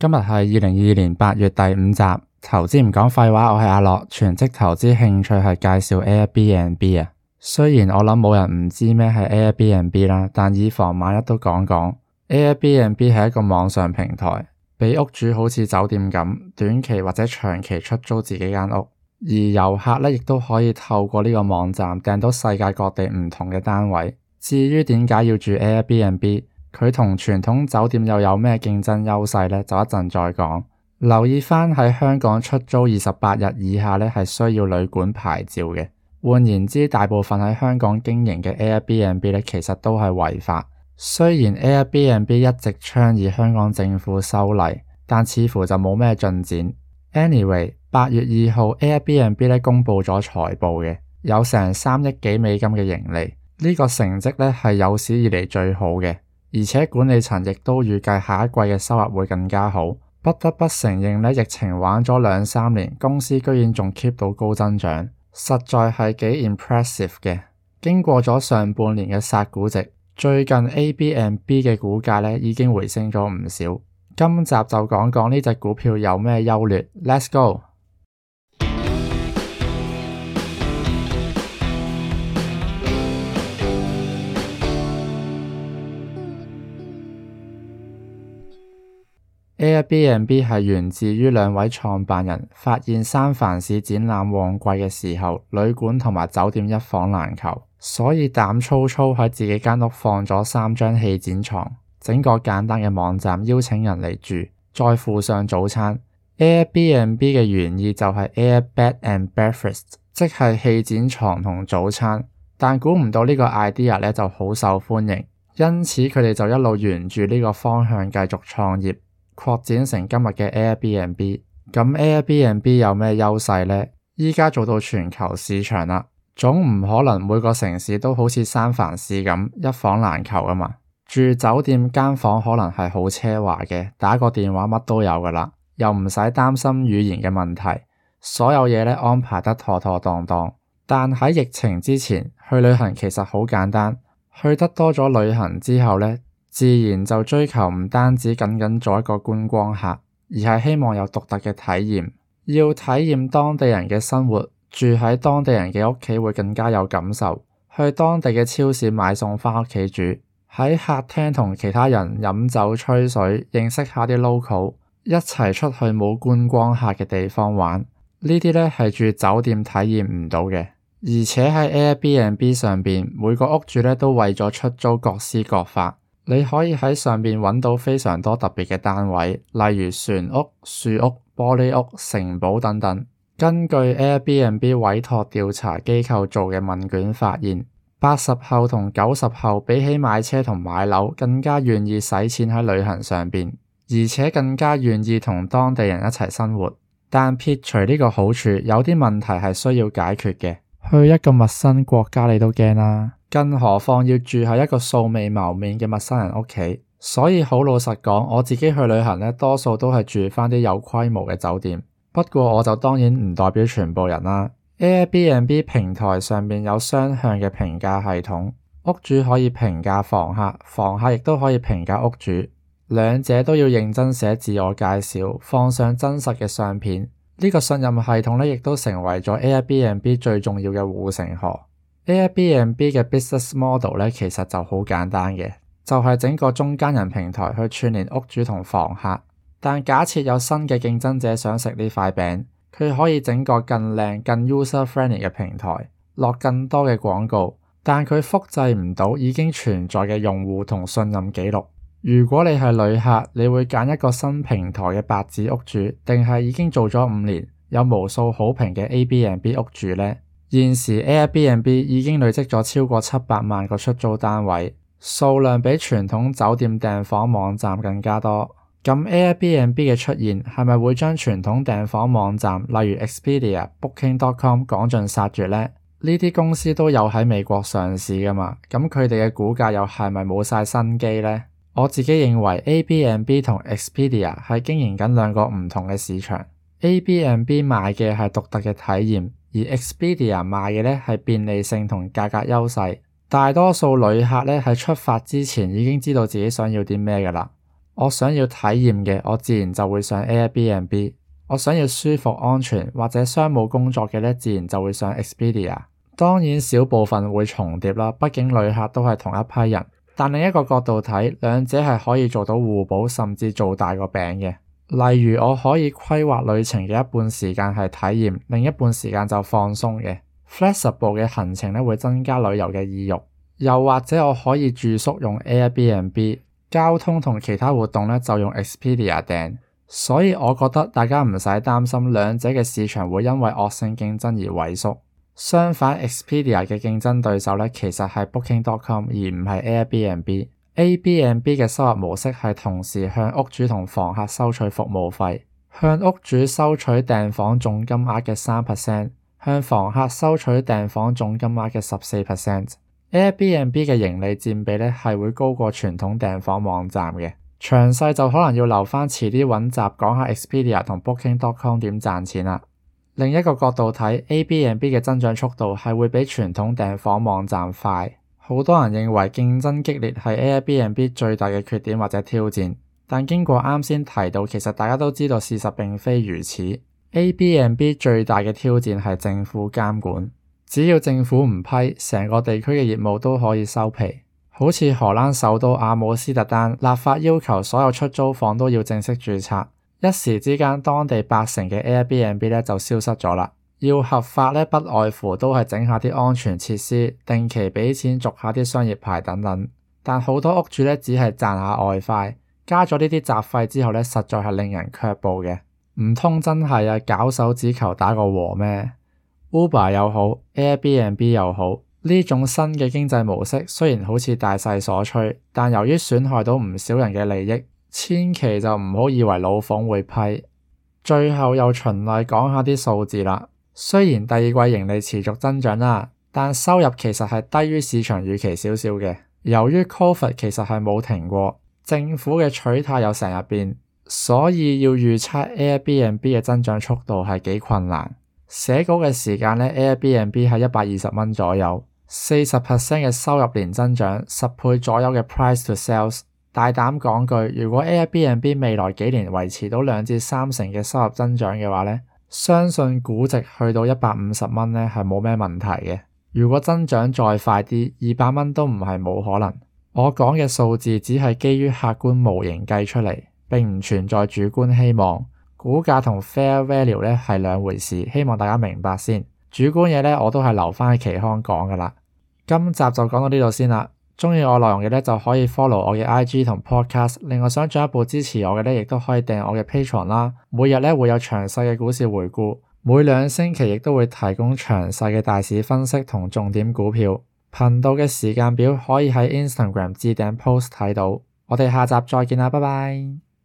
今日係二零二二年八月第五集，投資唔講廢話，我係阿樂，全職投資興趣係介紹 Airbnb 啊。雖然我諗冇人唔知咩係 Airbnb 啦，但以防萬一都講講。Airbnb 係一個網上平台，畀屋主好似酒店咁，短期或者長期出租自己間屋，而遊客咧亦都可以透過呢個網站訂到世界各地唔同嘅單位。至於點解要住 Airbnb？佢同傳統酒店又有咩競爭優勢呢？就一陣再講。留意返喺香港出租二十八日以下呢，係需要旅館牌照嘅。換言之，大部分喺香港經營嘅 Airbnb 呢，其實都係違法。雖然 Airbnb 一直倡議香港政府修例，但似乎就冇咩進展。Anyway，八月二號 Airbnb 呢公布咗財報嘅，有成三億幾美金嘅盈利，呢個成績呢，係有史以嚟最好嘅。而且管理層亦都預計下一季嘅收入會更加好。不得不承認咧，疫情玩咗兩三年，公司居然仲 keep 到高增長，實在係幾 impressive 嘅。經過咗上半年嘅殺估值，最近 Airbnb 嘅股價咧已經回升咗唔少。今集就講講呢隻股票有咩優劣。Let's go。Airbnb 係源自於兩位創辦人發現三藩市展覽旺季嘅時候，旅館同埋酒店一房難求，所以膽粗粗喺自己間屋放咗三張氣墊床，整個簡單嘅網站邀請人嚟住，再附上早餐。Airbnb 嘅原意就係 Air Bed and Breakfast，即係氣墊床同早餐。但估唔到呢個 idea 呢就好受歡迎，因此佢哋就一路沿住呢個方向繼續創業。擴展成今日嘅 Airbnb，咁 Airbnb 有咩優勢呢？依家做到全球市場啦，總唔可能每個城市都好似三藩市咁一房難求啊嘛。住酒店間房可能係好奢華嘅，打個電話乜都有噶啦，又唔使擔心語言嘅問題，所有嘢咧安排得妥妥當當。但喺疫情之前去旅行其實好簡單，去得多咗旅行之後咧，自然就追求唔單止僅僅做一個觀光客，而係希望有獨特嘅體驗。要體驗當地人嘅生活，住喺當地人嘅屋企會更加有感受。去當地嘅超市買餸，翻屋企煮，喺客廳同其他人飲酒吹水，認識下啲 local，一齊出去冇觀光客嘅地方玩。呢啲咧係住酒店體驗唔到嘅，而且喺 Airbnb 上邊每個屋主咧都為咗出租各施各法。你可以喺上面揾到非常多特別嘅單位，例如船屋、樹屋、玻璃屋、城堡等等。根據 Airbnb 委託調查機構做嘅問卷發現，八十後同九十後比起買車同買樓，更加願意使錢喺旅行上面，而且更加願意同當地人一齊生活。但撇除呢個好處，有啲問題係需要解決嘅。去一個陌生國家，你都驚啦。更何況要住喺一個素未謀面嘅陌生人屋企，所以好老實講，我自己去旅行呢，多數都係住翻啲有規模嘅酒店。不過我就當然唔代表全部人啦。Airbnb 平台上面有雙向嘅評價系統，屋主可以評價房客，房客亦都可以評價屋主，兩者都要認真寫自我介紹，放上真實嘅相片。呢個信任系統呢，亦都成為咗 Airbnb 最重要嘅護城河。Airbnb 嘅 business model 咧，其實就好簡單嘅，就係整個中間人平台去串聯屋主同房客。但假設有新嘅競爭者想食呢塊餅，佢可以整個更靚、更 user friendly 嘅平台，落更多嘅廣告，但佢複製唔到已經存在嘅用戶同信任記錄。如果你係旅客，你會揀一個新平台嘅白紙屋主，定係已經做咗五年、有無數好評嘅 Airbnb 屋主咧？現時 Airbnb 已經累積咗超過七百萬個出租單位，數量比傳統酒店訂房網站更加多。咁 Airbnb 嘅出現係咪會將傳統訂房網站，例如 Expedia、Booking.com 趕盡殺絕咧？呢啲公司都有喺美國上市噶嘛？咁佢哋嘅股價又係咪冇晒新機咧？我自己認為 Airbnb 同 Expedia 係經營緊兩個唔同嘅市場。Airbnb 賣嘅係獨特嘅體驗。而 Expedia 賣嘅咧係便利性同價格優勢，大多數旅客咧喺出發之前已經知道自己想要啲咩㗎喇。我想要體驗嘅，我自然就會上 Airbnb；我想要舒服、安全或者商務工作嘅咧，自然就會上 Expedia。當然少部分會重疊啦，畢竟旅客都係同一批人。但另一個角度睇，兩者係可以做到互補，甚至做大個餅嘅。例如我可以規劃旅程嘅一半時間係體驗，另一半時間就放鬆嘅。Flexible 嘅行程呢會增加旅遊嘅意欲，又或者我可以住宿用 Airbnb，交通同其他活動呢就用 Expedia 訂。所以我覺得大家唔使擔心兩者嘅市場會因為惡性競爭而萎縮。相反，Expedia 嘅競爭對手呢，其實係 Booking.com 而唔係 Airbnb。ABNB 嘅收入模式係同時向屋主同房客收取服務費，向屋主收取訂房總金額嘅三 percent，向房客收取訂房總金額嘅十四 percent。ABNB 嘅盈利佔比咧係會高過傳統訂房網站嘅。詳細就可能要留返遲啲揾集講下 Expedia 同 Booking.com 點賺錢啦。另一個角度睇，ABNB 嘅增長速度係會比傳統訂房網站快。好多人認為競爭激烈係 Airbnb 最大嘅缺點或者挑戰，但經過啱先提到，其實大家都知道事實並非如此。Airbnb 最大嘅挑戰係政府監管，只要政府唔批，成個地區嘅業務都可以收皮。好似荷蘭首都阿姆斯特丹立法要求所有出租房都要正式註冊，一時之間當地八成嘅 Airbnb 就消失咗啦。要合法咧，不外乎都係整下啲安全設施，定期畀錢續下啲商業牌等等。但好多屋主咧，只係賺下外快，加咗呢啲雜費之後咧，實在係令人卻步嘅。唔通真係啊，搞手指球打個和咩？Uber 又好，Airbnb 又好，呢種新嘅經濟模式雖然好似大勢所趨，但由於損害到唔少人嘅利益，千祈就唔好以為老馮會批。最後又循例講下啲數字啦。雖然第二季盈利持續增長啦，但收入其實係低於市場預期少少嘅。由於 Covid 其實係冇停過，政府嘅取態又成日變，所以要預測 Airbnb 嘅增長速度係幾困難。寫稿嘅時間呢，Airbnb 係一百二十蚊左右，四十 percent 嘅收入年增長，十倍左右嘅 price to sales。大膽講句，如果 Airbnb 未來幾年維持到兩至三成嘅收入增長嘅話呢。相信估值去到一百五十蚊呢，係冇咩問題嘅。如果增長再快啲，二百蚊都唔係冇可能。我講嘅數字只係基於客觀模型計出嚟，並唔存在主觀希望。股價同 fair value 呢，係兩回事，希望大家明白先。主觀嘢呢，我都係留返喺期刊講噶啦。今集就講到呢度先啦。鍾意我內容嘅咧就可以 follow 我嘅 IG 同 podcast，另外想進一步支持我嘅咧，亦都可以訂我嘅 Patreon 啦。每日咧會有詳細嘅股市回顧，每兩星期亦都會提供詳細嘅大市分析同重點股票。頻道嘅時間表可以喺 Instagram 置頂 post 睇到。我哋下集再見啦，拜拜。